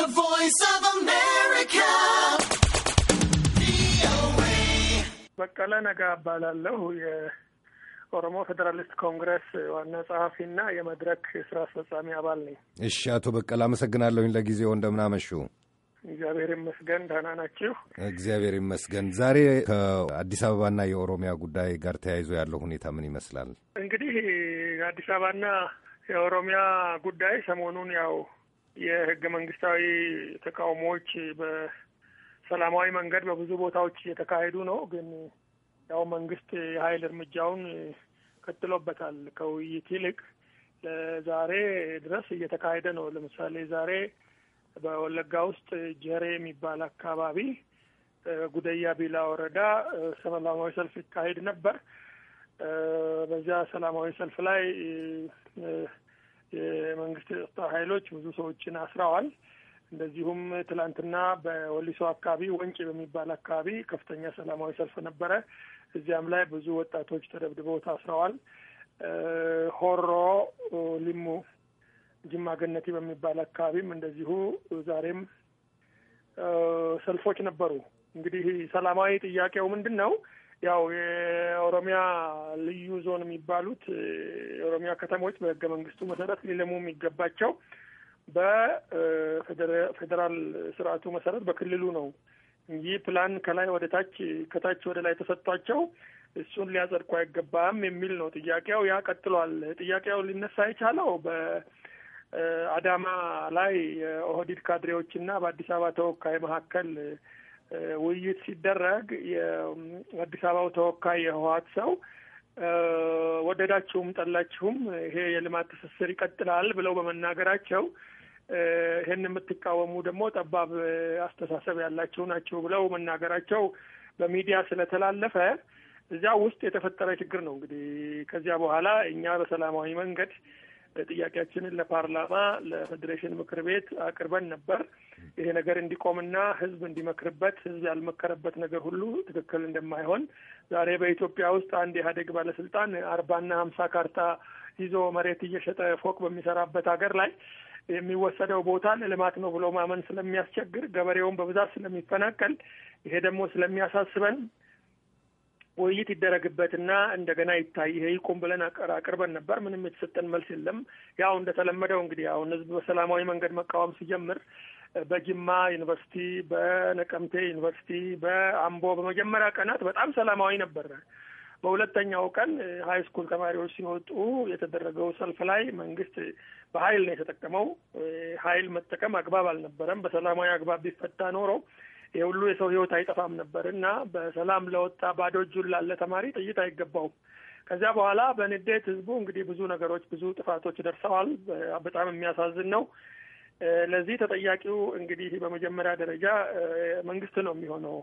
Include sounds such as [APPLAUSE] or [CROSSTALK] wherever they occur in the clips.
The Voice of America. በቀለ ነጋ እባላለሁ። የኦሮሞ ፌዴራሊስት ኮንግረስ ዋና ጸሐፊና የመድረክ ስራ አስፈጻሚ አባል ነኝ። እሺ፣ አቶ በቀለ አመሰግናለሁኝ። ለጊዜው እንደምናመሹ እግዚአብሔር ይመስገን። ደህና ናችሁ? እግዚአብሔር ይመስገን። ዛሬ ከአዲስ አበባና የኦሮሚያ ጉዳይ ጋር ተያይዞ ያለው ሁኔታ ምን ይመስላል? እንግዲህ አዲስ አበባና የኦሮሚያ ጉዳይ ሰሞኑን ያው የህገ መንግስታዊ ተቃውሞዎች በሰላማዊ መንገድ በብዙ ቦታዎች እየተካሄዱ ነው። ግን ያው መንግስት የሀይል እርምጃውን ቀጥሎበታል። ከውይይት ይልቅ ለዛሬ ድረስ እየተካሄደ ነው። ለምሳሌ ዛሬ በወለጋ ውስጥ ጀሬ የሚባል አካባቢ ጉደያ ቢላ ወረዳ ሰላማዊ ሰልፍ ይካሄድ ነበር። በዚያ ሰላማዊ ሰልፍ ላይ የመንግስት የጸጥታ ኃይሎች ብዙ ሰዎችን አስረዋል። እንደዚሁም ትላንትና በወሊሶ አካባቢ ወንጭ በሚባል አካባቢ ከፍተኛ ሰላማዊ ሰልፍ ነበረ። እዚያም ላይ ብዙ ወጣቶች ተደብድበው ታስረዋል። ሆሮ ሊሙ ጅማ ገነቲ በሚባል አካባቢም እንደዚሁ ዛሬም ሰልፎች ነበሩ። እንግዲህ ሰላማዊ ጥያቄው ምንድን ነው? ያው የኦሮሚያ ልዩ ዞን የሚባሉት የኦሮሚያ ከተሞች በህገ መንግስቱ መሰረት ሊለሙ የሚገባቸው በፌዴራል ስርዓቱ መሰረት በክልሉ ነው እንጂ ፕላን ከላይ ወደ ታች ከታች ወደ ላይ ተሰጥቷቸው እሱን ሊያጸድቁ አይገባም የሚል ነው ጥያቄው። ያ ቀጥሏል። ጥያቄው ሊነሳ የቻለው በአዳማ ላይ የኦህዲድ እና በአዲስ አበባ ተወካይ መካከል ውይይት ሲደረግ የአዲስ አበባው ተወካይ የህወሀት ሰው ወደዳችሁም ጠላችሁም ይሄ የልማት ትስስር ይቀጥላል ብለው በመናገራቸው ይህን የምትቃወሙ ደግሞ ጠባብ አስተሳሰብ ያላችሁ ናችሁ ብለው መናገራቸው በሚዲያ ስለተላለፈ እዚያ ውስጥ የተፈጠረ ችግር ነው። እንግዲህ ከዚያ በኋላ እኛ በሰላማዊ መንገድ ጥያቄያችንን ለፓርላማ ለፌዴሬሽን ምክር ቤት አቅርበን ነበር። ይሄ ነገር እንዲቆምና ህዝብ እንዲመክርበት ህዝብ ያልመከረበት ነገር ሁሉ ትክክል እንደማይሆን ዛሬ በኢትዮጵያ ውስጥ አንድ ኢህአዴግ ባለስልጣን አርባና ሀምሳ ካርታ ይዞ መሬት እየሸጠ ፎቅ በሚሰራበት ሀገር ላይ የሚወሰደው ቦታ ለልማት ነው ብሎ ማመን ስለሚያስቸግር ገበሬውን በብዛት ስለሚፈናቀል ይሄ ደግሞ ስለሚያሳስበን ውይይት ይደረግበትና እንደገና ይታይ ይሄ ይቁም ብለን አቅርበን ነበር። ምንም የተሰጠን መልስ የለም። ያው እንደተለመደው እንግዲህ አሁን ህዝብ በሰላማዊ መንገድ መቃወም ሲጀምር በጅማ ዩኒቨርሲቲ፣ በነቀምቴ ዩኒቨርሲቲ፣ በአምቦ በመጀመሪያ ቀናት በጣም ሰላማዊ ነበር። በሁለተኛው ቀን ሀይ ስኩል ተማሪዎች ሲወጡ የተደረገው ሰልፍ ላይ መንግስት በሀይል ነው የተጠቀመው። ሀይል መጠቀም አግባብ አልነበረም። በሰላማዊ አግባብ ቢፈታ ኖሮ የሁሉ የሰው ህይወት አይጠፋም ነበር እና በሰላም ለወጣ ባዶ እጁን ላለ ተማሪ ጥይት አይገባውም። ከዚያ በኋላ በንዴት ህዝቡ እንግዲህ ብዙ ነገሮች ብዙ ጥፋቶች ደርሰዋል። በጣም የሚያሳዝን ነው። ለዚህ ተጠያቂው እንግዲህ በመጀመሪያ ደረጃ መንግስት ነው የሚሆነው።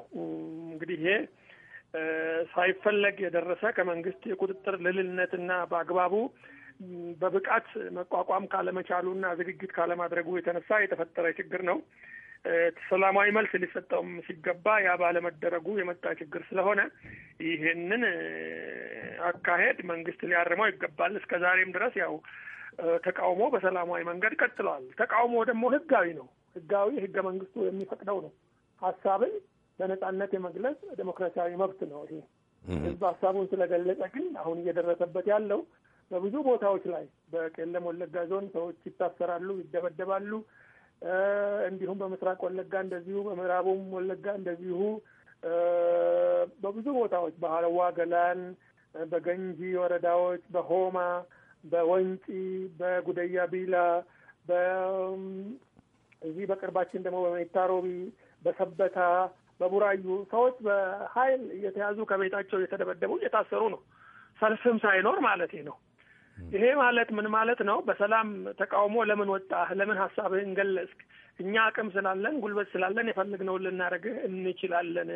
እንግዲህ ይሄ ሳይፈለግ የደረሰ ከመንግስት የቁጥጥር ልልነትና በአግባቡ በብቃት መቋቋም ካለመቻሉ እና ዝግጅት ካለማድረጉ የተነሳ የተፈጠረ ችግር ነው። ሰላማዊ መልስ ሊሰጠውም ሲገባ ያ ባለመደረጉ የመጣ ችግር ስለሆነ ይህንን አካሄድ መንግስት ሊያርመው ይገባል። እስከ ዛሬም ድረስ ያው ተቃውሞ በሰላማዊ መንገድ ቀጥለዋል። ተቃውሞ ደግሞ ህጋዊ ነው። ህጋዊ ህገ መንግስቱ የሚፈቅደው ነው። ሀሳብን በነጻነት የመግለጽ ዴሞክራሲያዊ መብት ነው። ይሄ ህዝብ ሀሳቡን ስለገለጸ ግን አሁን እየደረሰበት ያለው በብዙ ቦታዎች ላይ በቄለም ወለጋ ዞን ሰዎች ይታሰራሉ፣ ይደበደባሉ፣ እንዲሁም በምስራቅ ወለጋ እንደዚሁ፣ በምዕራቡም ወለጋ እንደዚሁ በብዙ ቦታዎች በሀለዋ ገላን፣ በገንጂ ወረዳዎች፣ በሆማ፣ በወንጪ፣ በጉደያ ቢላ፣ እዚህ በቅርባችን ደግሞ በሜታሮቢ፣ በሰበታ፣ በቡራዩ ሰዎች በኃይል እየተያዙ ከቤታቸው እየተደበደቡ እየታሰሩ ነው። ሰልፍም ሳይኖር ማለት ነው። ይሄ ማለት ምን ማለት ነው? በሰላም ተቃውሞ ለምን ወጣህ? ለምን ሀሳብህን ገለጽክ? እኛ አቅም ስላለን ጉልበት ስላለን የፈለግነውን ልናደርግ እንችላለን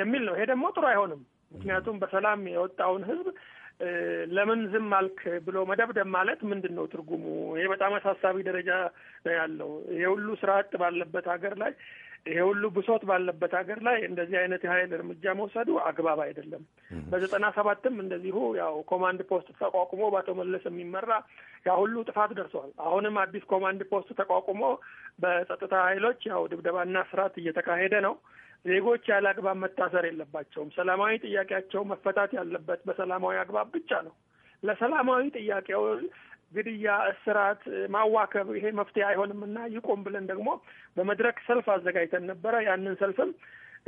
የሚል ነው። ይሄ ደግሞ ጥሩ አይሆንም። ምክንያቱም በሰላም የወጣውን ህዝብ ለምን ዝም አልክ ብሎ መደብደብ ማለት ምንድን ነው ትርጉሙ? ይሄ በጣም አሳሳቢ ደረጃ ነው ያለው። የሁሉ ስራ አጥ ባለበት ሀገር ላይ ይሄ ሁሉ ብሶት ባለበት ሀገር ላይ እንደዚህ አይነት የሀይል እርምጃ መውሰዱ አግባብ አይደለም። በዘጠና ሰባትም እንደዚሁ ያው ኮማንድ ፖስት ተቋቁሞ በአቶ መለስ የሚመራ ያ ሁሉ ጥፋት ደርሷል። አሁንም አዲስ ኮማንድ ፖስት ተቋቁሞ በጸጥታ ኃይሎች ያው ድብደባና ስርዓት እየተካሄደ ነው። ዜጎች ያለ አግባብ መታሰር የለባቸውም። ሰላማዊ ጥያቄያቸው መፈታት ያለበት በሰላማዊ አግባብ ብቻ ነው። ለሰላማዊ ጥያቄው ግድያ፣ እስራት፣ ማዋከብ ይሄ መፍትሄ አይሆንም እና ይቆም ብለን ደግሞ በመድረክ ሰልፍ አዘጋጅተን ነበረ። ያንን ሰልፍም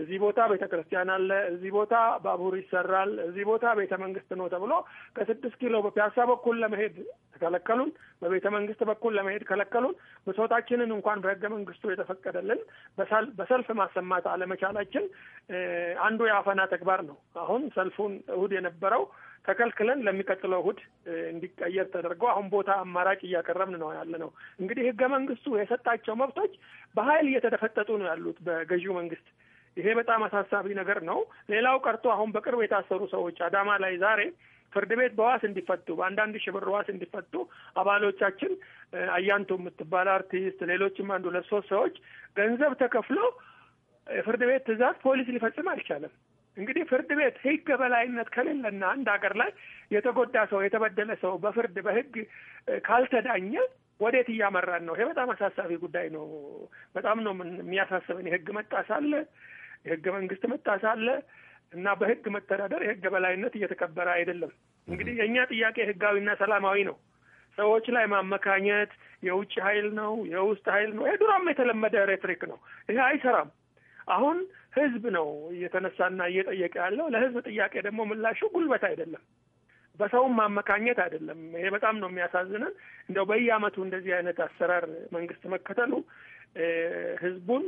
እዚህ ቦታ ቤተ ክርስቲያን አለ፣ እዚህ ቦታ ባቡር ይሰራል፣ እዚህ ቦታ ቤተ መንግስት ነው ተብሎ ከስድስት ኪሎ በፒያሳ በኩል ለመሄድ ከለከሉን፣ በቤተ መንግስት በኩል ለመሄድ ከለከሉን። ብሶታችንን እንኳን በህገ መንግስቱ የተፈቀደልን በሰልፍ ማሰማት አለመቻላችን አንዱ የአፈና ተግባር ነው። አሁን ሰልፉን እሁድ የነበረው ተከልክለን ለሚቀጥለው እሁድ እንዲቀየር ተደርጎ አሁን ቦታ አማራጭ እያቀረብን ነው ያለ ነው። እንግዲህ ህገ መንግስቱ የሰጣቸው መብቶች በኃይል እየተደፈጠጡ ነው ያሉት በገዢው መንግስት። ይሄ በጣም አሳሳቢ ነገር ነው። ሌላው ቀርቶ አሁን በቅርብ የታሰሩ ሰዎች አዳማ ላይ ዛሬ ፍርድ ቤት በዋስ እንዲፈቱ በአንዳንድ ሺህ ብር ዋስ እንዲፈቱ አባሎቻችን አያንቱ የምትባል አርቲስት፣ ሌሎችም አንድ ሁለት ሶስት ሰዎች ገንዘብ ተከፍሎ ፍርድ ቤት ትዕዛዝ ፖሊስ ሊፈጽም አልቻለም። እንግዲህ ፍርድ ቤት ህግ በላይነት ከሌለና አንድ ሀገር ላይ የተጎዳ ሰው የተበደለ ሰው በፍርድ በህግ ካልተዳኘ ወዴት እያመራን ነው? ይሄ በጣም አሳሳቢ ጉዳይ ነው። በጣም ነው የሚያሳስበን። የህግ መጣስ አለ፣ የሕገ መንግስት መጣስ አለ እና በህግ መተዳደር የህገ በላይነት እየተከበረ አይደለም። እንግዲህ የእኛ ጥያቄ ህጋዊና ሰላማዊ ነው። ሰዎች ላይ ማመካኘት የውጭ ኃይል ነው የውስጥ ኃይል ነው ይሄ ዱራም የተለመደ ሬትሪክ ነው። ይሄ አይሰራም። አሁን ህዝብ ነው እየተነሳና እየጠየቀ ያለው። ለህዝብ ጥያቄ ደግሞ ምላሹ ጉልበት አይደለም፣ በሰውም ማመካኘት አይደለም። ይሄ በጣም ነው የሚያሳዝነን። እንደው በየአመቱ እንደዚህ አይነት አሰራር መንግስት መከተሉ ህዝቡን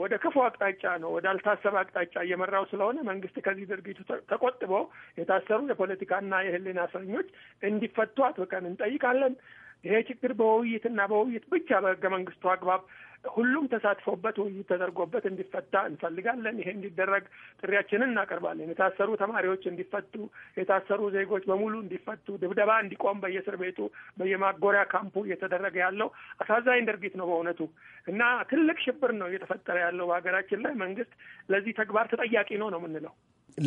ወደ ክፉ አቅጣጫ ነው ወደ አልታሰበ አቅጣጫ እየመራው ስለሆነ መንግስት ከዚህ ድርጊቱ ተቆጥቦ የታሰሩ የፖለቲካና የህሊና እስረኞች እንዲፈቱ አጥብቀን እንጠይቃለን። ይሄ ችግር በውይይትና በውይይት ብቻ በህገ መንግስቱ አግባብ ሁሉም ተሳትፎበት ውይይት ተደርጎበት እንዲፈታ እንፈልጋለን። ይሄ እንዲደረግ ጥሪያችንን እናቀርባለን። የታሰሩ ተማሪዎች እንዲፈቱ፣ የታሰሩ ዜጎች በሙሉ እንዲፈቱ፣ ድብደባ እንዲቆም በየእስር ቤቱ በየማጎሪያ ካምፑ እየተደረገ ያለው አሳዛኝ ድርጊት ነው በእውነቱ እና ትልቅ ሽብር ነው እየተፈጠረ ያለው በሀገራችን ላይ። መንግስት ለዚህ ተግባር ተጠያቂ ነው ነው የምንለው።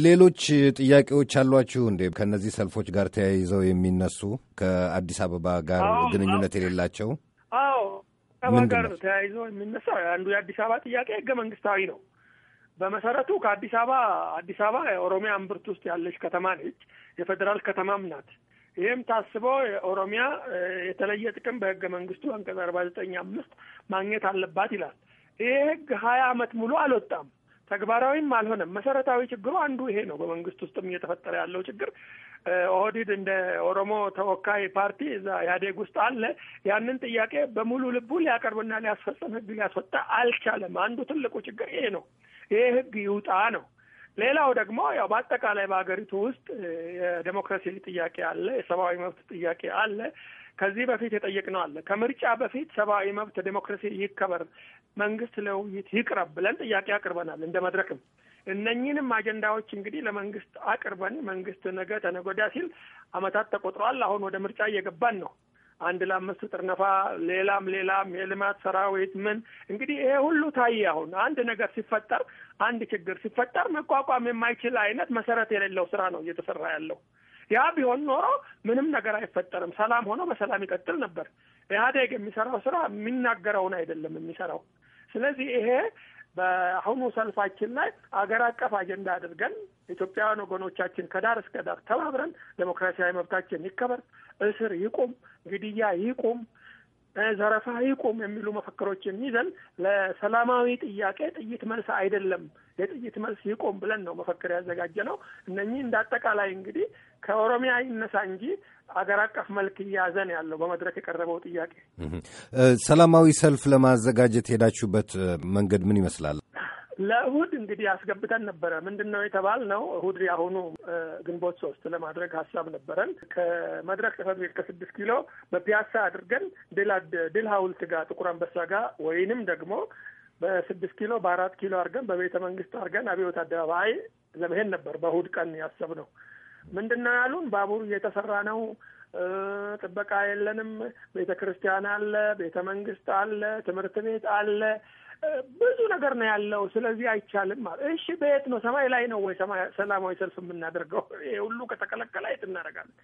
ሌሎች ጥያቄዎች አሏችሁ እንዴ? ከእነዚህ ሰልፎች ጋር ተያይዘው የሚነሱ ከአዲስ አበባ ጋር ግንኙነት የሌላቸው? አዎ አበባ ጋር ነው ተያይዞ የሚነሳው አንዱ የአዲስ አበባ ጥያቄ ህገ መንግስታዊ ነው። በመሰረቱ ከአዲስ አበባ አዲስ አበባ የኦሮሚያ እምብርት ውስጥ ያለች ከተማ ነች። የፌዴራል ከተማም ናት። ይህም ታስቦ የኦሮሚያ የተለየ ጥቅም በህገ መንግስቱ አንቀጽ አርባ ዘጠኝ አምስት ማግኘት አለባት ይላል። ይሄ ህግ ሀያ አመት ሙሉ አልወጣም። ተግባራዊም አልሆነም። መሰረታዊ ችግሩ አንዱ ይሄ ነው። በመንግስት ውስጥም እየተፈጠረ ያለው ችግር ኦህዲድ እንደ ኦሮሞ ተወካይ ፓርቲ እዛ ኢህአዴግ ውስጥ አለ። ያንን ጥያቄ በሙሉ ልቡ ሊያቀርብና ሊያስፈጽም ህግ ሊያስወጣ አልቻለም። አንዱ ትልቁ ችግር ይሄ ነው። ይሄ ህግ ይውጣ ነው። ሌላው ደግሞ ያው በአጠቃላይ በሀገሪቱ ውስጥ የዴሞክራሲ ጥያቄ አለ፣ የሰብአዊ መብት ጥያቄ አለ። ከዚህ በፊት የጠየቅነው አለ። ከምርጫ በፊት ሰብአዊ መብት ዴሞክራሲ ይከበር፣ መንግስት ለውይይት ይቅረብ ብለን ጥያቄ አቅርበናል እንደ መድረክም እነኝንም አጀንዳዎች እንግዲህ ለመንግስት አቅርበን መንግስት ነገ ተነገ ወዲያ ሲል አመታት ተቆጥሯል አሁን ወደ ምርጫ እየገባን ነው። አንድ ለአምስት ጥርነፋ፣ ሌላም ሌላም የልማት ሰራዊት ምን እንግዲህ ይሄ ሁሉ ታየ። አሁን አንድ ነገር ሲፈጠር፣ አንድ ችግር ሲፈጠር መቋቋም የማይችል አይነት መሰረት የሌለው ስራ ነው እየተሰራ ያለው። ያ ቢሆን ኖሮ ምንም ነገር አይፈጠርም፣ ሰላም ሆኖ በሰላም ይቀጥል ነበር። ኢህአዴግ የሚሰራው ስራ የሚናገረውን አይደለም የሚሰራው። ስለዚህ ይሄ በአሁኑ ሰልፋችን ላይ አገር አቀፍ አጀንዳ አድርገን ኢትዮጵያውያን ወገኖቻችን ከዳር እስከ ዳር ተባብረን ዴሞክራሲያዊ መብታችን ይከበር፣ እስር ይቁም፣ ግድያ ይቁም፣ ዘረፋ ይቁም የሚሉ መፈክሮችን ይዘን ለሰላማዊ ጥያቄ ጥይት መልስ አይደለም የጥይት መልስ ይቁም ብለን ነው መፈክር ያዘጋጀ ነው። እነኚህ እንደ አጠቃላይ እንግዲህ ከኦሮሚያ ይነሳ እንጂ አገር አቀፍ መልክ እያዘን ያለው በመድረክ የቀረበው ጥያቄ። ሰላማዊ ሰልፍ ለማዘጋጀት ሄዳችሁበት መንገድ ምን ይመስላል? ለእሁድ እንግዲህ አስገብተን ነበረ። ምንድን ነው የተባልነው? እሁድ የአሁኑ ግንቦት ሶስት ለማድረግ ሀሳብ ነበረን። ከመድረክ ጽሕፈት ቤት ከስድስት ኪሎ በፒያሳ አድርገን ድል ሀውልት ጋር ጥቁር አንበሳ ጋር ወይንም ደግሞ በስድስት ኪሎ በአራት ኪሎ አድርገን በቤተ መንግስት አድርገን አብዮት አደባባይ ለመሄድ ነበር በእሁድ ቀን ያሰብነው። ምንድን ነው ያሉን? ባቡር እየተሰራ ነው ጥበቃ የለንም። ቤተ ክርስቲያን አለ፣ ቤተ መንግስት አለ፣ ትምህርት ቤት አለ፣ ብዙ ነገር ነው ያለው። ስለዚህ አይቻልም። እሺ በየት ነው? ሰማይ ላይ ነው ወይ ሰላማዊ ሰልፍ የምናደርገው? [LAUGHS] ይሄ ሁሉ ከተከለከለ የት እናደርጋለን?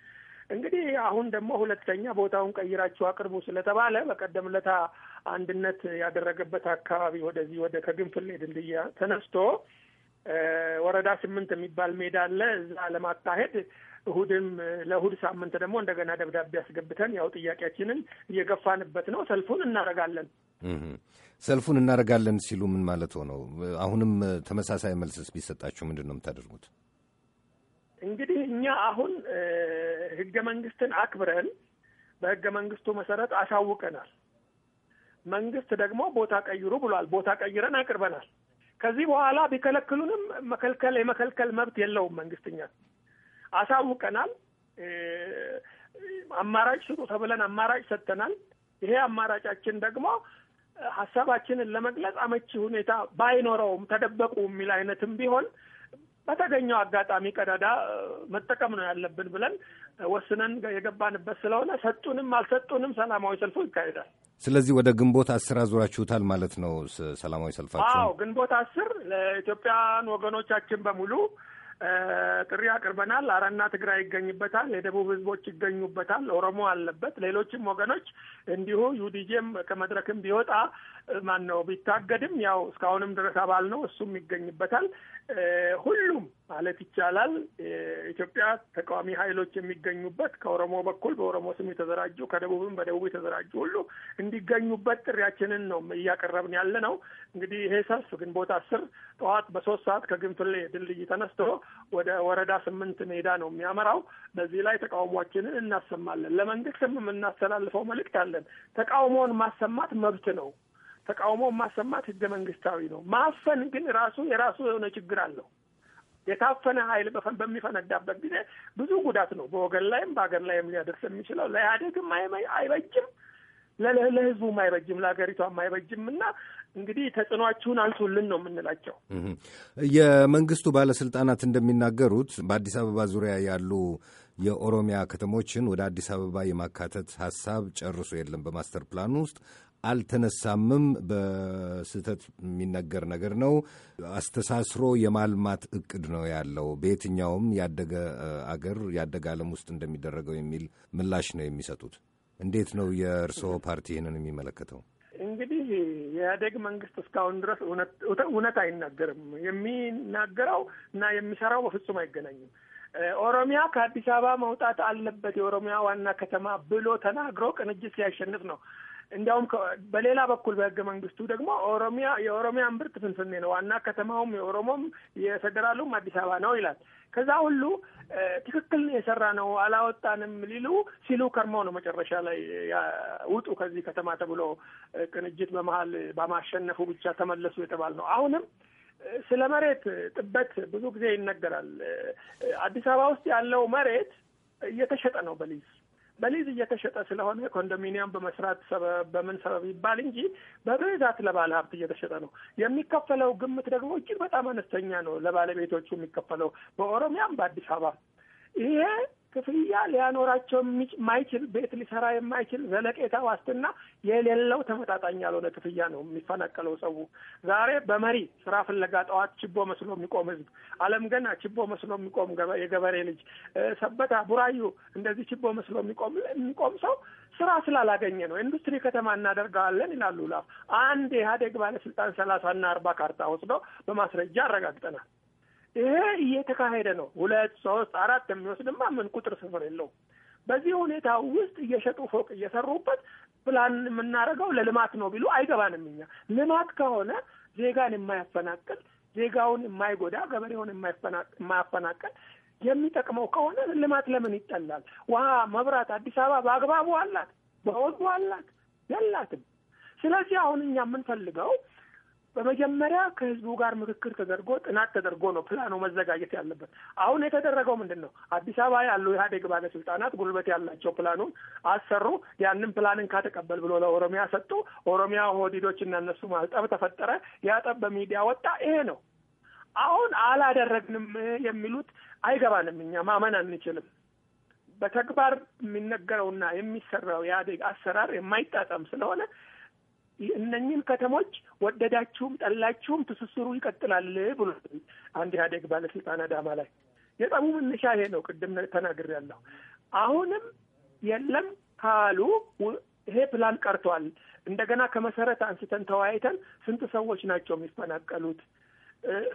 እንግዲህ አሁን ደግሞ ሁለተኛ ቦታውን ቀይራችሁ አቅርቡ ስለተባለ በቀደም ለታ አንድነት ያደረገበት አካባቢ ወደዚህ ወደ ከግንፍሌ ድልድያ ተነስቶ ወረዳ ስምንት የሚባል ሜዳ አለ። እዛ ለማካሄድ እሁድም ለእሁድ ሳምንት ደግሞ እንደገና ደብዳቤ አስገብተን ያው ጥያቄያችንን እየገፋንበት ነው። ሰልፉን እናደርጋለን ሰልፉን እናደርጋለን ሲሉ ምን ማለት ሆነው? አሁንም ተመሳሳይ መልስስ ቢሰጣችሁ ምንድን ነው የምታደርጉት? እንግዲህ እኛ አሁን ህገ መንግስትን አክብረን በህገ መንግስቱ መሰረት አሳውቀናል። መንግስት ደግሞ ቦታ ቀይሩ ብሏል። ቦታ ቀይረን አቅርበናል። ከዚህ በኋላ ቢከለክሉንም መከልከል የመከልከል መብት የለውም መንግስት አሳውቀናል። አማራጭ ስጡ ተብለን አማራጭ ሰጥተናል። ይሄ አማራጫችን ደግሞ ሀሳባችንን ለመግለጽ አመቺ ሁኔታ ባይኖረውም ተደበቁ የሚል አይነትም ቢሆን በተገኘው አጋጣሚ ቀዳዳ መጠቀም ነው ያለብን ብለን ወስነን የገባንበት ስለሆነ ሰጡንም አልሰጡንም ሰላማዊ ሰልፉ ይካሄዳል። ስለዚህ ወደ ግንቦት አስር አዙራችሁታል ማለት ነው ሰላማዊ ሰልፋችሁ? አዎ ግንቦት አስር ለኢትዮጵያን ወገኖቻችን በሙሉ ጥሪ አቅርበናል። አረና ትግራይ ይገኝበታል፣ የደቡብ ህዝቦች ይገኙበታል፣ ኦሮሞ አለበት፣ ሌሎችም ወገኖች እንዲሁ ዩዲጄም ከመድረክም ቢወጣ ማን ነው ቢታገድም ያው እስካሁንም ድረስ አባል ነው፣ እሱም ይገኝበታል። ሁሉም ማለት ይቻላል ኢትዮጵያ ተቃዋሚ ኃይሎች የሚገኙበት ከኦሮሞ በኩል በኦሮሞ ስም የተዘራጁ ከደቡብም በደቡብ የተዘራጁ ሁሉ እንዲገኙበት ጥሪያችንን ነው እያቀረብን ያለ ነው። እንግዲህ ይሄ ሰልፍ ግንቦት አስር ጠዋት በሶስት ሰዓት ከግንፍሌ ድልድይ ተነስቶ ወደ ወረዳ ስምንት ሜዳ ነው የሚያመራው። በዚህ ላይ ተቃውሟችንን እናሰማለን። ለመንግስትም የምናስተላልፈው መልእክት አለን። ተቃውሞውን ማሰማት መብት ነው። ተቃውሞ ማሰማት ህገ መንግስታዊ ነው። ማፈን ግን ራሱ የራሱ የሆነ ችግር አለው። የታፈነ ኃይል በሚፈነዳበት ጊዜ ብዙ ጉዳት ነው በወገን ላይም በሀገር ላይም ሊያደርስ የሚችለው። ለኢህአዴግም አይበጅም፣ ለህዝቡም አይበጅም፣ ለሀገሪቷም አይበጅም እና እንግዲህ ተጽዕኖአችሁን አንሱልን ነው የምንላቸው። የመንግስቱ ባለስልጣናት እንደሚናገሩት በአዲስ አበባ ዙሪያ ያሉ የኦሮሚያ ከተሞችን ወደ አዲስ አበባ የማካተት ሀሳብ ጨርሶ የለም በማስተር ፕላን ውስጥ። አልተነሳምም። በስህተት የሚነገር ነገር ነው። አስተሳስሮ የማልማት እቅድ ነው ያለው በየትኛውም ያደገ አገር ያደገ ዓለም ውስጥ እንደሚደረገው የሚል ምላሽ ነው የሚሰጡት። እንዴት ነው የእርስዎ ፓርቲ ይህንን የሚመለከተው? እንግዲህ የኢህአዴግ መንግስት እስካሁን ድረስ እውነት አይናገርም። የሚናገረው እና የሚሰራው በፍጹም አይገናኝም። ኦሮሚያ ከአዲስ አበባ መውጣት አለበት የኦሮሚያ ዋና ከተማ ብሎ ተናግሮ ቅንጅት ሲያሸንፍ ነው እንዲያውም በሌላ በኩል በህገ መንግስቱ ደግሞ ኦሮሚያ የኦሮሚያ ብርት ፍንፍኔ ነው ዋና ከተማውም የኦሮሞም የፌዴራሉም አዲስ አበባ ነው ይላል። ከዛ ሁሉ ትክክል የሰራ ነው አላወጣንም ሊሉ ሲሉ ከርሞ ነው መጨረሻ ላይ ውጡ ከዚህ ከተማ ተብሎ ቅንጅት በመሀል በማሸነፉ ብቻ ተመለሱ የተባል ነው። አሁንም ስለ መሬት ጥበት ብዙ ጊዜ ይነገራል። አዲስ አበባ ውስጥ ያለው መሬት እየተሸጠ ነው በሊዝ በሊዝ እየተሸጠ ስለሆነ ኮንዶሚኒየም በመስራት ሰበብ በምን ሰበብ ይባል እንጂ በብዛት ለባለ ሀብት እየተሸጠ ነው። የሚከፈለው ግምት ደግሞ እጅግ በጣም አነስተኛ ነው ለባለቤቶቹ የሚከፈለው በኦሮሚያም በአዲስ አበባ ይሄ ክፍያ ሊያኖራቸው የማይችል ቤት ሊሰራ የማይችል ዘለቄታ ዋስትና የሌለው ተመጣጣኝ ያልሆነ ክፍያ ነው የሚፈናቀለው ሰው። ዛሬ በመሪ ስራ ፍለጋ ጠዋት ችቦ መስሎ የሚቆም ህዝብ፣ አለም ገና ችቦ መስሎ የሚቆም የገበሬ ልጅ፣ ሰበታ ቡራዩ እንደዚህ ችቦ መስሎ የሚቆም ሰው ስራ ስላላገኘ ነው። ኢንዱስትሪ ከተማ እናደርገዋለን ይላሉ። ላ አንድ የኢህአዴግ ባለስልጣን ሰላሳና አርባ ካርታ ወስዶ በማስረጃ አረጋግጠናል። ይሄ እየተካሄደ ነው። ሁለት ሶስት አራት የሚወስድማ ምን ቁጥር ስፍር የለው በዚህ ሁኔታ ውስጥ እየሸጡ ፎቅ እየሰሩበት ፕላን የምናደርገው ለልማት ነው ቢሉ አይገባንም። እኛ ልማት ከሆነ ዜጋን የማያፈናቅል ዜጋውን የማይጎዳ ገበሬውን የማያፈናቅል የሚጠቅመው ከሆነ ልማት ለምን ይጠላል? ውሃ፣ መብራት አዲስ አበባ በአግባቡ አላት፣ በወጉ አላት፣ የላትም። ስለዚህ አሁን እኛ የምንፈልገው በመጀመሪያ ከህዝቡ ጋር ምክክር ተደርጎ ጥናት ተደርጎ ነው ፕላኑ መዘጋጀት ያለበት። አሁን የተደረገው ምንድን ነው? አዲስ አበባ ያሉ ኢህአዴግ ባለስልጣናት ጉልበት ያላቸው ፕላኑን አሰሩ። ያንን ፕላንን ካተቀበል ብሎ ለኦሮሚያ ሰጡ። ኦሮሚያ ሆዲዶች እና እነሱ ማልጠብ ተፈጠረ። ያጠብ በሚዲያ ወጣ። ይሄ ነው። አሁን አላደረግንም የሚሉት አይገባንም። እኛ ማመን አንችልም። በተግባር የሚነገረውና የሚሰራው የኢህአዴግ አሰራር የማይጣጣም ስለሆነ እነኝን ከተሞች ወደዳችሁም ጠላችሁም ትስስሩ ይቀጥላል ብሎ አንድ ኢህአዴግ ባለስልጣን አዳማ ላይ የጠሙ መነሻ ይሄ ነው። ቅድም ተናግሬያለሁ። አሁንም የለም ካሉ ይሄ ፕላን ቀርቷል። እንደገና ከመሰረት አንስተን ተወያይተን ስንት ሰዎች ናቸው የሚፈናቀሉት?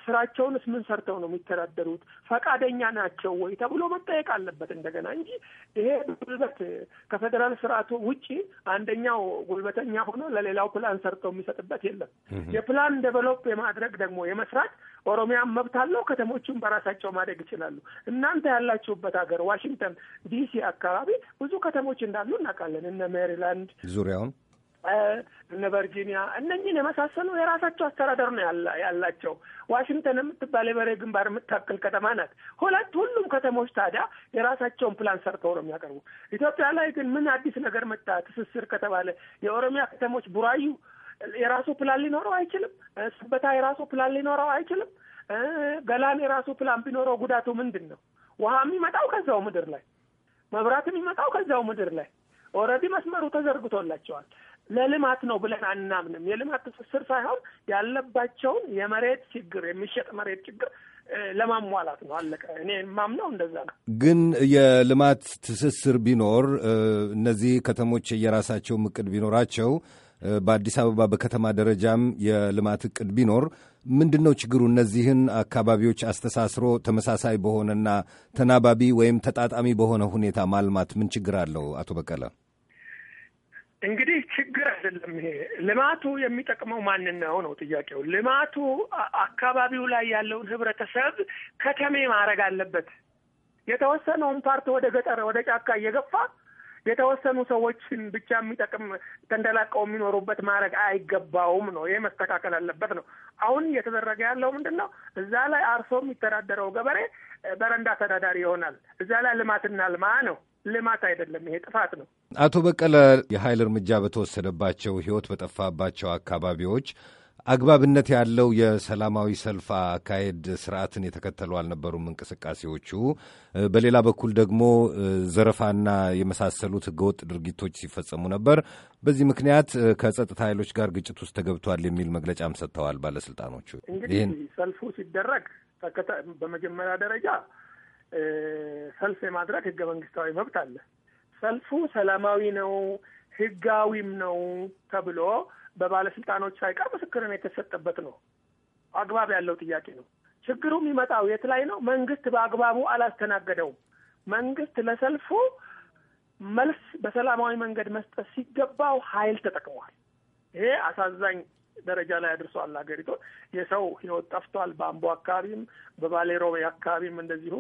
ስራቸውንስ ምን ሰርተው ነው የሚተዳደሩት? ፈቃደኛ ናቸው ወይ ተብሎ መጠየቅ አለበት እንደገና እንጂ ይሄ ጉልበት ከፌዴራል ስርዓቱ ውጪ አንደኛው ጉልበተኛ ሆኖ ለሌላው ፕላን ሰርተው የሚሰጥበት የለም። የፕላን ዴቨሎፕ የማድረግ ደግሞ የመስራት ኦሮሚያን መብት አለው። ከተሞቹን በራሳቸው ማደግ ይችላሉ። እናንተ ያላችሁበት ሀገር ዋሽንግተን ዲሲ አካባቢ ብዙ ከተሞች እንዳሉ እናውቃለን። እነ ሜሪላንድ ዙሪያውን እነ ቨርጂኒያ እነኝን የመሳሰሉ የራሳቸው አስተዳደር ነው ያላቸው። ዋሽንግተን የምትባል የበሬ ግንባር የምታክል ከተማ ናት። ሁለት ሁሉም ከተሞች ታዲያ የራሳቸውን ፕላን ሰርተው ነው የሚያቀርቡ። ኢትዮጵያ ላይ ግን ምን አዲስ ነገር መጣ? ትስስር ከተባለ የኦሮሚያ ከተሞች ቡራዩ የራሱ ፕላን ሊኖረው አይችልም። ስበታ የራሱ ፕላን ሊኖረው አይችልም። ገላን የራሱ ፕላን ቢኖረው ጉዳቱ ምንድን ነው? ውሃ የሚመጣው ከዛው ምድር ላይ፣ መብራት የሚመጣው ከዛው ምድር ላይ ኦልሬዲ መስመሩ ተዘርግቶላቸዋል። ለልማት ነው ብለን አናምንም። የልማት ትስስር ሳይሆን ያለባቸውን የመሬት ችግር የሚሸጥ መሬት ችግር ለማሟላት ነው። አለቀ። እኔ ማምነው እንደዛ ነው። ግን የልማት ትስስር ቢኖር እነዚህ ከተሞች የራሳቸው እቅድ ቢኖራቸው በአዲስ አበባ በከተማ ደረጃም የልማት እቅድ ቢኖር ምንድን ነው ችግሩ? እነዚህን አካባቢዎች አስተሳስሮ ተመሳሳይ በሆነና ተናባቢ ወይም ተጣጣሚ በሆነ ሁኔታ ማልማት ምን ችግር አለው? አቶ በቀለ እንግዲህ ችግር አይደለም ይሄ። ልማቱ የሚጠቅመው ማንን ነው ነው ጥያቄው። ልማቱ አካባቢው ላይ ያለውን ህብረተሰብ ከተሜ ማድረግ አለበት። የተወሰነውን ፓርት ወደ ገጠር ወደ ጫካ እየገፋ የተወሰኑ ሰዎችን ብቻ የሚጠቅም ተንደላቀው የሚኖሩበት ማድረግ አይገባውም ነው። ይሄ መስተካከል አለበት ነው። አሁን እየተደረገ ያለው ምንድን ነው? እዛ ላይ አርሶ የሚተዳደረው ገበሬ በረንዳ ተዳዳሪ ይሆናል። እዛ ላይ ልማትና ልማ ነው ልማት አይደለም፣ ይሄ ጥፋት ነው። አቶ በቀለ የኃይል እርምጃ በተወሰደባቸው ህይወት በጠፋባቸው አካባቢዎች አግባብነት ያለው የሰላማዊ ሰልፍ አካሄድ ስርዓትን የተከተሉ አልነበሩም እንቅስቃሴዎቹ። በሌላ በኩል ደግሞ ዘረፋና የመሳሰሉት ህገወጥ ድርጊቶች ሲፈጸሙ ነበር። በዚህ ምክንያት ከጸጥታ ኃይሎች ጋር ግጭት ውስጥ ተገብቷል የሚል መግለጫም ሰጥተዋል ባለስልጣኖቹ። እንግዲህ ሰልፉ ሲደረግ በመጀመሪያ ደረጃ ሰልፍ የማድረግ ህገ መንግስታዊ መብት አለ። ሰልፉ ሰላማዊ ነው፣ ህጋዊም ነው ተብሎ በባለስልጣኖች ሳይቀር ምስክርን የተሰጠበት ነው። አግባብ ያለው ጥያቄ ነው። ችግሩ የሚመጣው የት ላይ ነው? መንግስት በአግባቡ አላስተናገደውም። መንግስት ለሰልፉ መልስ በሰላማዊ መንገድ መስጠት ሲገባው ኃይል ተጠቅሟል። ይሄ አሳዛኝ ደረጃ ላይ አድርሷል ሀገሪቱ። የሰው ህይወት ጠፍቷል። በአምቦ አካባቢም በባሌሮቤ አካባቢም እንደዚሁ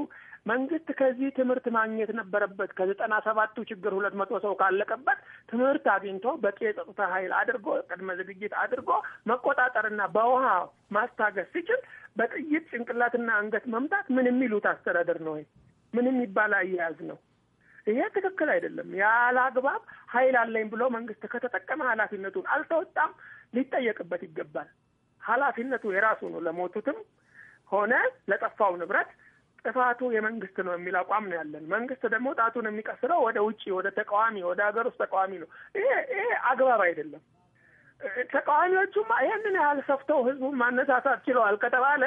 መንግስት ከዚህ ትምህርት ማግኘት ነበረበት። ከዘጠና ሰባቱ ችግር ሁለት መቶ ሰው ካለቀበት ትምህርት አግኝቶ በቂ የጸጥታ ኃይል አድርጎ ቅድመ ዝግጅት አድርጎ መቆጣጠርና በውሃ ማስታገስ ሲችል በጥይት ጭንቅላትና አንገት መምታት ምን የሚሉት አስተዳደር ነው? ምን የሚባል አያያዝ ነው? ይሄ ትክክል አይደለም። ያለ አግባብ ኃይል አለኝ ብሎ መንግስት ከተጠቀመ ኃላፊነቱን አልተወጣም፣ ሊጠየቅበት ይገባል። ኃላፊነቱ የራሱ ነው። ለሞቱትም ሆነ ለጠፋው ንብረት ጥፋቱ የመንግስት ነው የሚል አቋም ነው ያለን። መንግስት ደግሞ ጣቱን የሚቀስረው ወደ ውጭ፣ ወደ ተቃዋሚ፣ ወደ ሀገር ውስጥ ተቃዋሚ ነው። ይሄ ይሄ አግባብ አይደለም። ተቃዋሚዎቹማ ይህንን ያህል ሰፍተው ህዝቡን ማነሳሳት ችለዋል ከተባለ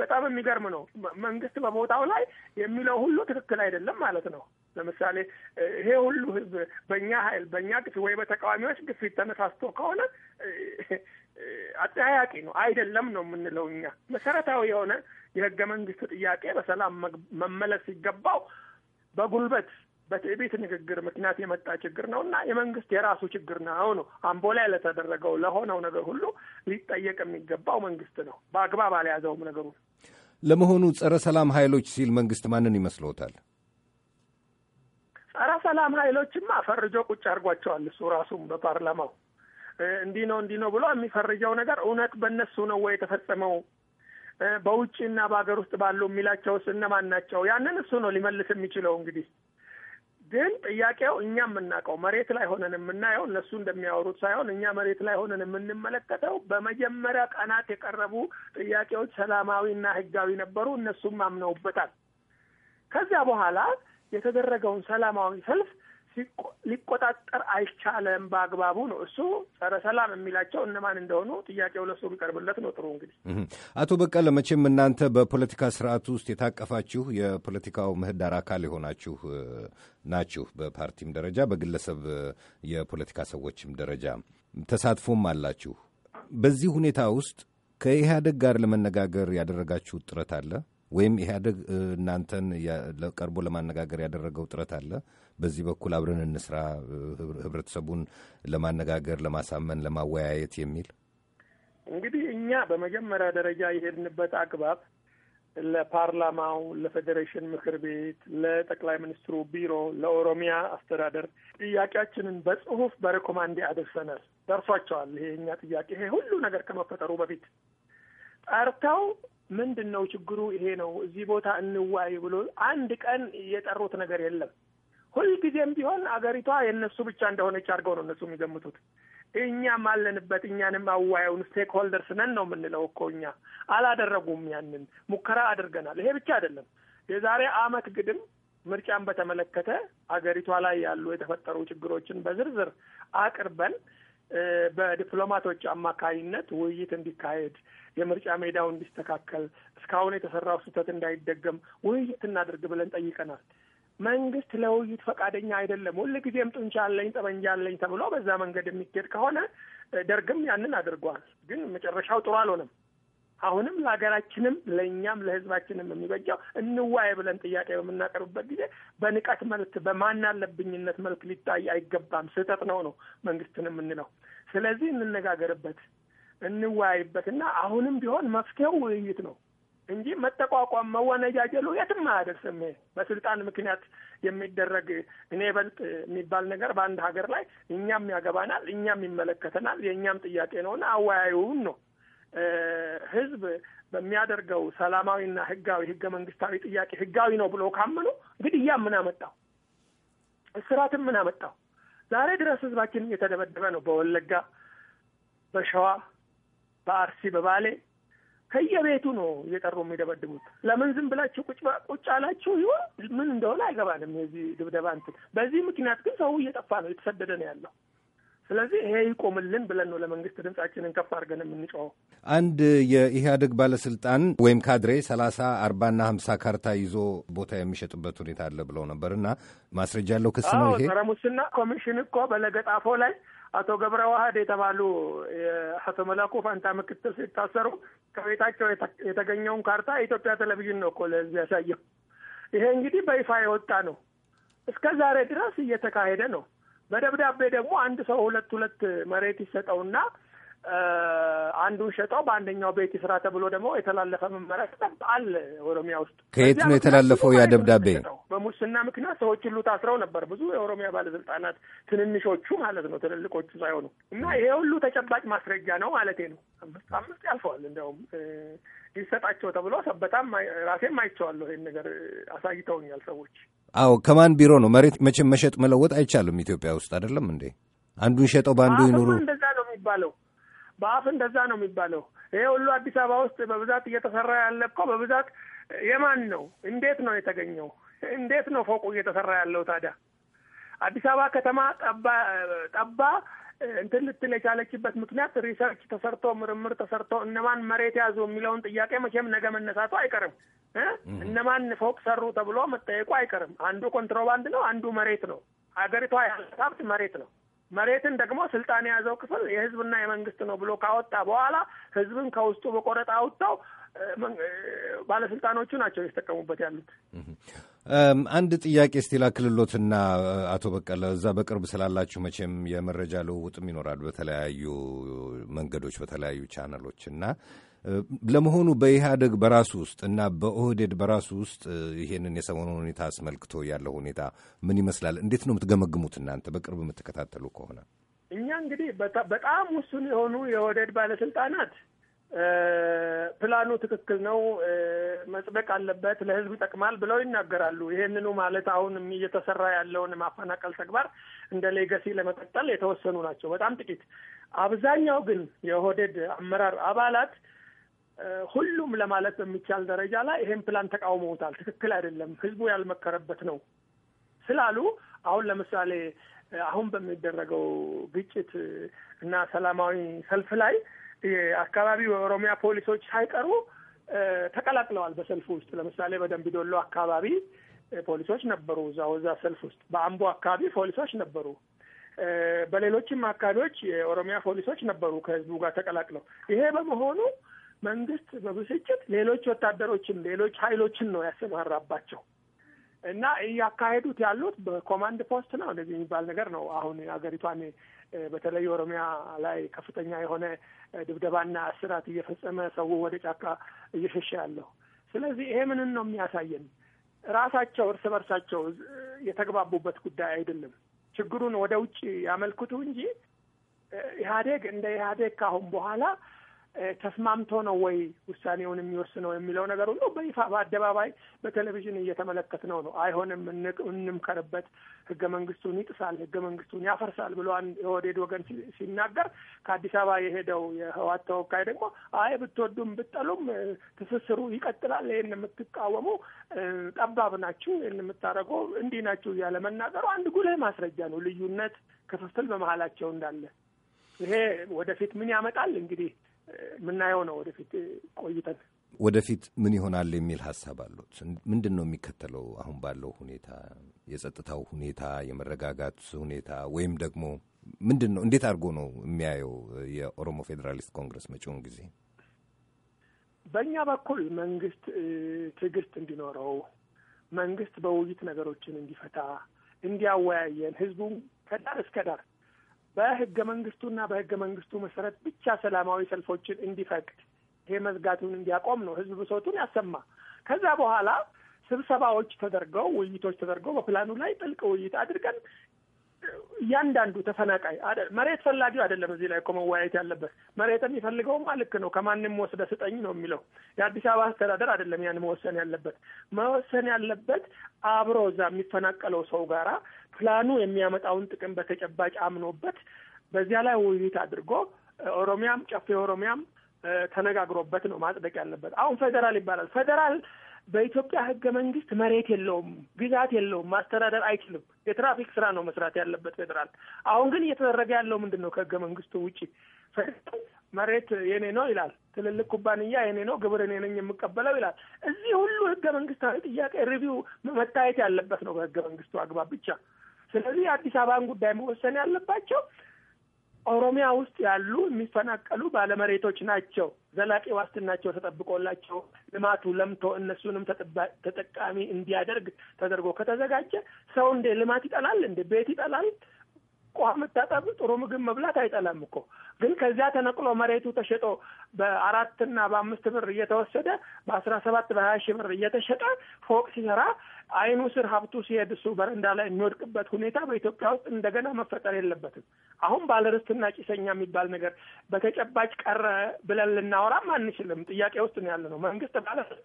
በጣም የሚገርም ነው። መንግስት በቦታው ላይ የሚለው ሁሉ ትክክል አይደለም ማለት ነው። ለምሳሌ ይሄ ሁሉ ህዝብ በእኛ ኃይል በእኛ ግፊት ወይ በተቃዋሚዎች ግፊት ተነሳስቶ ከሆነ አጠያያቂ ነው አይደለም ነው የምንለው እኛ መሰረታዊ የሆነ የህገ መንግስት ጥያቄ በሰላም መመለስ ሲገባው በጉልበት በትዕቢት ንግግር ምክንያት የመጣ ችግር ነው እና የመንግስት የራሱ ችግር ነው ነው። አምቦ ላይ ለተደረገው ለሆነው ነገር ሁሉ ሊጠየቅ የሚገባው መንግስት ነው። በአግባብ አልያዘውም ነገሩ። ለመሆኑ ጸረ ሰላም ኃይሎች ሲል መንግስት ማንን ይመስለዎታል? ጸረ ሰላም ኃይሎችማ ፈርጆ ቁጭ አድርጓቸዋል። እሱ ራሱም በፓርላማው እንዲህ ነው እንዲህ ነው ብሎ የሚፈርጀው ነገር እውነት በእነሱ ነው ወይ የተፈጸመው በውጭና በሀገር ውስጥ ባለው የሚላቸውስ እነማን ናቸው? ያንን እሱ ነው ሊመልስ የሚችለው። እንግዲህ ግን ጥያቄው እኛ የምናውቀው መሬት ላይ ሆነን የምናየው እነሱ እንደሚያወሩት ሳይሆን እኛ መሬት ላይ ሆነን የምንመለከተው በመጀመሪያ ቀናት የቀረቡ ጥያቄዎች ሰላማዊና ሕጋዊ ነበሩ። እነሱም አምነውበታል። ከዚያ በኋላ የተደረገውን ሰላማዊ ሰልፍ ሊቆጣጠር አይቻለም በአግባቡ ነው። እሱ ጸረ ሰላም የሚላቸው እነማን እንደሆኑ ጥያቄው ለሱ ቢቀርብለት ነው ጥሩ። እንግዲህ አቶ በቀለ መቼም እናንተ በፖለቲካ ስርዓት ውስጥ የታቀፋችሁ የፖለቲካው ምህዳር አካል የሆናችሁ ናችሁ። በፓርቲም ደረጃ በግለሰብ የፖለቲካ ሰዎችም ደረጃ ተሳትፎም አላችሁ። በዚህ ሁኔታ ውስጥ ከኢህአደግ ጋር ለመነጋገር ያደረጋችሁ ጥረት አለ? ወይም ኢህአደግ እናንተን ቀርቦ ለማነጋገር ያደረገው ጥረት አለ? በዚህ በኩል አብረን እንስራ፣ ህብረተሰቡን ለማነጋገር፣ ለማሳመን፣ ለማወያየት የሚል እንግዲህ እኛ በመጀመሪያ ደረጃ የሄድንበት አግባብ ለፓርላማው፣ ለፌዴሬሽን ምክር ቤት፣ ለጠቅላይ ሚኒስትሩ ቢሮ፣ ለኦሮሚያ አስተዳደር ጥያቄያችንን በጽሁፍ በሬኮማንዴ አደርሰናል። ደርሷቸዋል። ይሄ እኛ ጥያቄ ይሄ ሁሉ ነገር ከመፈጠሩ በፊት ጠርተው ምንድን ነው ችግሩ? ይሄ ነው እዚህ ቦታ እንዋይ ብሎ አንድ ቀን የጠሩት ነገር የለም። ሁልጊዜም ቢሆን አገሪቷ የእነሱ ብቻ እንደሆነች አድርገው ነው እነሱ የሚገምቱት። እኛም አለንበት፣ እኛንም አዋየውን ስቴክ ሆልደርስ ነን ነው የምንለው እኮ እኛ። አላደረጉም። ያንን ሙከራ አድርገናል። ይሄ ብቻ አይደለም። የዛሬ አመት ግድም ምርጫን በተመለከተ አገሪቷ ላይ ያሉ የተፈጠሩ ችግሮችን በዝርዝር አቅርበን በዲፕሎማቶች አማካይነት ውይይት እንዲካሄድ የምርጫ ሜዳው እንዲስተካከል እስካሁን የተሰራው ስህተት እንዳይደገም ውይይት እናድርግ ብለን ጠይቀናል። መንግስት ለውይይት ፈቃደኛ አይደለም። ጊዜም ጡንቻ አለኝ ጠመንጃ አለኝ ተብሎ በዛ መንገድ የሚሄድ ከሆነ ደርግም ያንን አድርጓል። ግን መጨረሻው ጥሩ አልሆነም። አሁንም ለሀገራችንም ለእኛም ለህዝባችንም የሚበጃው እንዋይ ብለን ጥያቄ በምናቀርብበት ጊዜ በንቀት መልክ በማናለብኝነት መልክ ሊታይ አይገባም። ስህተት ነው ነው መንግስትን የምንለው። ስለዚህ እንነጋገርበት፣ እንወያይበትና አሁንም ቢሆን መፍትሄው ውይይት ነው እንጂ መጠቋቋም፣ መወነጃጀሉ የትም አያደርስም። በስልጣን ምክንያት የሚደረግ እኔ በልጥ የሚባል ነገር በአንድ ሀገር ላይ እኛም ያገባናል፣ እኛም ይመለከተናል፣ የእኛም ጥያቄ ነውና አወያዩን ነው ህዝብ በሚያደርገው ሰላማዊና ህጋዊ ህገ መንግስታዊ ጥያቄ ህጋዊ ነው ብሎ ካመኑ ግድያ ምን አመጣው? እስራትን ምን አመጣው? ዛሬ ድረስ ህዝባችን እየተደበደበ ነው። በወለጋ፣ በሸዋ፣ በአርሲ፣ በባሌ ከየቤቱ ነው እየጠሩ የሚደበድቡት። ለምን ዝም ብላችሁ ቁጭ ቁጭ አላችሁ ይሆን? ምን እንደሆነ አይገባንም። የዚህ ድብደባ እንትን። በዚህ ምክንያት ግን ሰው እየጠፋ ነው፣ እየተሰደደ ነው ያለው። ስለዚህ ይሄ ይቆምልን ብለን ነው ለመንግስት ድምጻችንን ከፍ አድርገን የምንጮኸው። አንድ የኢህአዴግ ባለስልጣን ወይም ካድሬ ሰላሳ አርባና ሀምሳ ካርታ ይዞ ቦታ የሚሸጥበት ሁኔታ አለ ብለው ነበር እና ማስረጃ ያለው ክስ ነው ይሄ። ጸረ ሙስና ኮሚሽን እኮ በለገጣፎ ላይ አቶ ገብረ ዋህድ የተባሉ አቶ መላኩ ፈንታ ምክትል ሲታሰሩ ከቤታቸው የተገኘውን ካርታ የኢትዮጵያ ቴሌቪዥን ነው እኮ ለዚህ ያሳየው። ይሄ እንግዲህ በይፋ የወጣ ነው። እስከ ዛሬ ድረስ እየተካሄደ ነው። በደብዳቤ ደግሞ አንድ ሰው ሁለት ሁለት መሬት ይሰጠውና አንዱን ሸጠው በአንደኛው ቤት ይስራ ተብሎ ደግሞ የተላለፈ መመሪያ ይጠብቃል። ኦሮሚያ ውስጥ ከየት ነው የተላለፈው ያ ደብዳቤ? በሙስና ምክንያት ሰዎች ሁሉ ታስረው ነበር። ብዙ የኦሮሚያ ባለስልጣናት ትንንሾቹ ማለት ነው ትልልቆቹ ሳይሆኑ እና ይሄ ሁሉ ተጨባጭ ማስረጃ ነው ማለት ነው። አምስት አምስት ያልፈዋል። እንዲያውም ይሰጣቸው ተብሎ ሰበታም ራሴም አይቼዋለሁ። ይህን ነገር አሳይተውኛል ሰዎች። አዎ ከማን ቢሮ ነው? መሬት መቼም መሸጥ መለወጥ አይቻልም ኢትዮጵያ ውስጥ አይደለም እንዴ? አንዱን ሸጠው በአንዱ ይኑሩ እንደዛ ነው የሚባለው። በአፍ እንደዛ ነው የሚባለው። ይሄ ሁሉ አዲስ አበባ ውስጥ በብዛት እየተሰራ ያለ እኮ በብዛት የማን ነው? እንዴት ነው የተገኘው? እንዴት ነው ፎቁ እየተሰራ ያለው ታዲያ? አዲስ አበባ ከተማ ጠባ ጠባ እንትን ልትል የቻለችበት ምክንያት ሪሰርች ተሰርቶ ምርምር ተሰርቶ እነማን መሬት ያዙ የሚለውን ጥያቄ መቼም ነገ መነሳቱ አይቀርም። እነማን ፎቅ ሰሩ ተብሎ መጠየቁ አይቀርም። አንዱ ኮንትሮባንድ ነው፣ አንዱ መሬት ነው። ሀገሪቷ ያላት ሀብት መሬት ነው። መሬትን ደግሞ ስልጣን የያዘው ክፍል የህዝብና የመንግስት ነው ብሎ ካወጣ በኋላ ህዝብን ከውስጡ በቆረጣ አውጥተው ባለስልጣኖቹ ናቸው የተጠቀሙበት ያሉት። አንድ ጥያቄ ስቲላ ክልሎትና አቶ በቀለ እዛ በቅርብ ስላላችሁ መቼም የመረጃ ልውውጥም ይኖራል በተለያዩ መንገዶች በተለያዩ ቻናሎች እና ለመሆኑ በኢህአደግ በራሱ ውስጥ እና በኦህዴድ በራሱ ውስጥ ይሄንን የሰሞኑን ሁኔታ አስመልክቶ ያለው ሁኔታ ምን ይመስላል? እንዴት ነው የምትገመግሙት እናንተ በቅርብ የምትከታተሉ ከሆነ? እኛ እንግዲህ በጣም ውሱን የሆኑ የኦህዴድ ባለስልጣናት ፕላኑ ትክክል ነው፣ መጽደቅ አለበት፣ ለህዝብ ይጠቅማል ብለው ይናገራሉ። ይህንኑ ማለት አሁን እየተሰራ ያለውን ማፈናቀል ተግባር እንደ ሌገሲ ለመቀጠል የተወሰኑ ናቸው፣ በጣም ጥቂት። አብዛኛው ግን የኦህዴድ አመራር አባላት ሁሉም ለማለት በሚቻል ደረጃ ላይ ይሄን ፕላን ተቃውመውታል። ትክክል አይደለም፣ ህዝቡ ያልመከረበት ነው ስላሉ አሁን ለምሳሌ አሁን በሚደረገው ግጭት እና ሰላማዊ ሰልፍ ላይ የአካባቢው የኦሮሚያ ፖሊሶች ሳይቀሩ ተቀላቅለዋል በሰልፍ ውስጥ። ለምሳሌ በደምቢዶሎ አካባቢ ፖሊሶች ነበሩ፣ እዛው እዛ ሰልፍ ውስጥ። በአምቦ አካባቢ ፖሊሶች ነበሩ። በሌሎችም አካባቢዎች የኦሮሚያ ፖሊሶች ነበሩ ከህዝቡ ጋር ተቀላቅለው። ይሄ በመሆኑ መንግስት በብስጭት ሌሎች ወታደሮችን ሌሎች ሀይሎችን ነው ያሰማራባቸው እና እያካሄዱት ያሉት በኮማንድ ፖስት ነው እንደዚህ የሚባል ነገር ነው አሁን ሀገሪቷን በተለይ ኦሮሚያ ላይ ከፍተኛ የሆነ ድብደባና እስራት እየፈጸመ ሰው ወደ ጫካ እየሸሸ ያለው። ስለዚህ ይሄ ምንን ነው የሚያሳየን? ራሳቸው እርስ በርሳቸው የተግባቡበት ጉዳይ አይደለም። ችግሩን ወደ ውጭ ያመልክቱ እንጂ ኢህአዴግ እንደ ኢህአዴግ ካሁን በኋላ ተስማምቶ ነው ወይ ውሳኔውን የሚወስነው የሚለው ነገር ሁሉ በይፋ በአደባባይ በቴሌቪዥን እየተመለከት ነው። አይሆንም፣ እንምከርበት፣ ህገ መንግስቱን ይጥሳል፣ ህገ መንግስቱን ያፈርሳል ብሎ የወዴድ ወገን ሲናገር ከአዲስ አበባ የሄደው የህዋት ተወካይ ደግሞ አይ ብትወዱም ብጠሉም ትስስሩ ይቀጥላል፣ ይህን የምትቃወሙ ጠባብ ናችሁ፣ ይህን የምታደርጉ እንዲህ ናችሁ እያለ መናገሩ አንድ ጉልህ ማስረጃ ነው ልዩነት ክፍፍል በመሀላቸው እንዳለ። ይሄ ወደፊት ምን ያመጣል እንግዲህ የምናየው ነው። ወደፊት ቆይተን ወደፊት ምን ይሆናል የሚል ሀሳብ አሉት። ምንድን ነው የሚከተለው? አሁን ባለው ሁኔታ የጸጥታው ሁኔታ፣ የመረጋጋት ሁኔታ ወይም ደግሞ ምንድን ነው እንዴት አድርጎ ነው የሚያየው የኦሮሞ ፌዴራሊስት ኮንግረስ መጪውን ጊዜ? በእኛ በኩል መንግስት ትዕግስት እንዲኖረው መንግስት በውይይት ነገሮችን እንዲፈታ እንዲያወያየን ህዝቡም ከዳር እስከ ዳር በህገ መንግስቱና በህገ መንግስቱ መሰረት ብቻ ሰላማዊ ሰልፎችን እንዲፈቅድ ይሄ መዝጋቱን እንዲያቆም ነው ህዝብ ብሶቱን ያሰማ። ከዛ በኋላ ስብሰባዎች ተደርገው ውይይቶች ተደርገው በፕላኑ ላይ ጥልቅ ውይይት አድርገን እያንዳንዱ ተፈናቃይ መሬት ፈላጊው አይደለም። እዚህ ላይ እኮ መወያየት ያለበት መሬት የሚፈልገው ልክ ነው፣ ከማንም ወስደ ስጠኝ ነው የሚለው። የአዲስ አበባ አስተዳደር አይደለም ያን መወሰን ያለበት። መወሰን ያለበት አብሮ እዛ የሚፈናቀለው ሰው ጋራ ፕላኑ የሚያመጣውን ጥቅም በተጨባጭ አምኖበት በዚያ ላይ ውይይት አድርጎ ኦሮሚያም ጨፌ ኦሮሚያም ተነጋግሮበት ነው ማጽደቅ ያለበት። አሁን ፌዴራል ይባላል። ፌዴራል በኢትዮጵያ ህገ መንግስት መሬት የለውም፣ ግዛት የለውም፣ ማስተዳደር አይችልም። የትራፊክ ስራ ነው መስራት ያለበት ፌዴራል። አሁን ግን እየተደረገ ያለው ምንድን ነው? ከህገ መንግስቱ ውጭ መሬት የኔ ነው ይላል። ትልልቅ ኩባንያ የኔ ነው፣ ግብር እኔ ነኝ የምቀበለው ይላል። እዚህ ሁሉ ህገ መንግስታዊ ጥያቄ ሪቪው መታየት ያለበት ነው በህገ መንግስቱ አግባብ ብቻ። ስለዚህ የአዲስ አበባን ጉዳይ መወሰን ያለባቸው ኦሮሚያ ውስጥ ያሉ የሚፈናቀሉ ባለመሬቶች ናቸው። ዘላቂ ዋስትናቸው ተጠብቆላቸው ልማቱ ለምቶ እነሱንም ተጠቃሚ እንዲያደርግ ተደርጎ ከተዘጋጀ ሰው እንደ ልማት ይጠላል? እንደ ቤት ይጠላል? ቋ መታጠብ፣ ጥሩ ምግብ መብላት አይጠላም እኮ። ግን ከዚያ ተነቅሎ መሬቱ ተሸጦ በአራትና በአምስት ብር እየተወሰደ በአስራ ሰባት በሀያ ሺህ ብር እየተሸጠ ፎቅ ሲሰራ አይኑ ስር ሀብቱ ሲሄድ እሱ በረንዳ ላይ የሚወድቅበት ሁኔታ በኢትዮጵያ ውስጥ እንደገና መፈጠር የለበትም። አሁን ባለርስትና ጭሰኛ የሚባል ነገር በተጨባጭ ቀረ ብለን ልናወራም አንችልም። ጥያቄ ውስጥ ነው ያለ ነው። መንግስት ባለርስት፣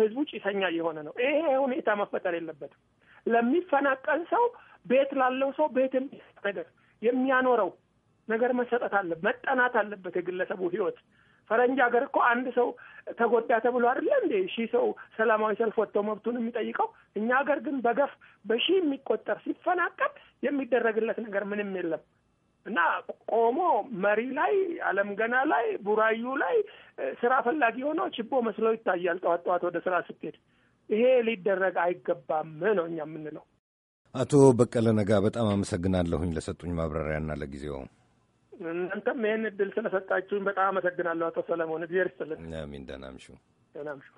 ህዝቡ ጭሰኛ እየሆነ ነው። ይሄ ሁኔታ መፈጠር የለበትም። ለሚፈናቀል ሰው ቤት ላለው ሰው ቤት ነገር የሚያኖረው ነገር መሰጠት አለ መጠናት አለበት የግለሰቡ ህይወት ፈረንጅ ሀገር እኮ አንድ ሰው ተጎዳ ተብሎ አይደለ እንዴ ሺህ ሰው ሰላማዊ ሰልፍ ወጥቶ መብቱን የሚጠይቀው? እኛ ሀገር ግን በገፍ በሺህ የሚቆጠር ሲፈናቀል የሚደረግለት ነገር ምንም የለም። እና ቆሞ መሪ ላይ አለም ገና ላይ ቡራዩ ላይ ስራ ፈላጊ ሆነው ችቦ መስለው ይታያል ጠዋት ጠዋት ወደ ስራ ስትሄድ። ይሄ ሊደረግ አይገባም ነው እኛ የምንለው። አቶ በቀለ ነጋ በጣም አመሰግናለሁኝ ለሰጡኝ ማብራሪያና ለጊዜው እናንተም ይህን እድል ስለሰጣችሁን በጣም አመሰግናለሁ አቶ ሰለሞን። እግዜር ይስጥልን። አሚን። ደህና እምሹ፣ ደህና እምሹ።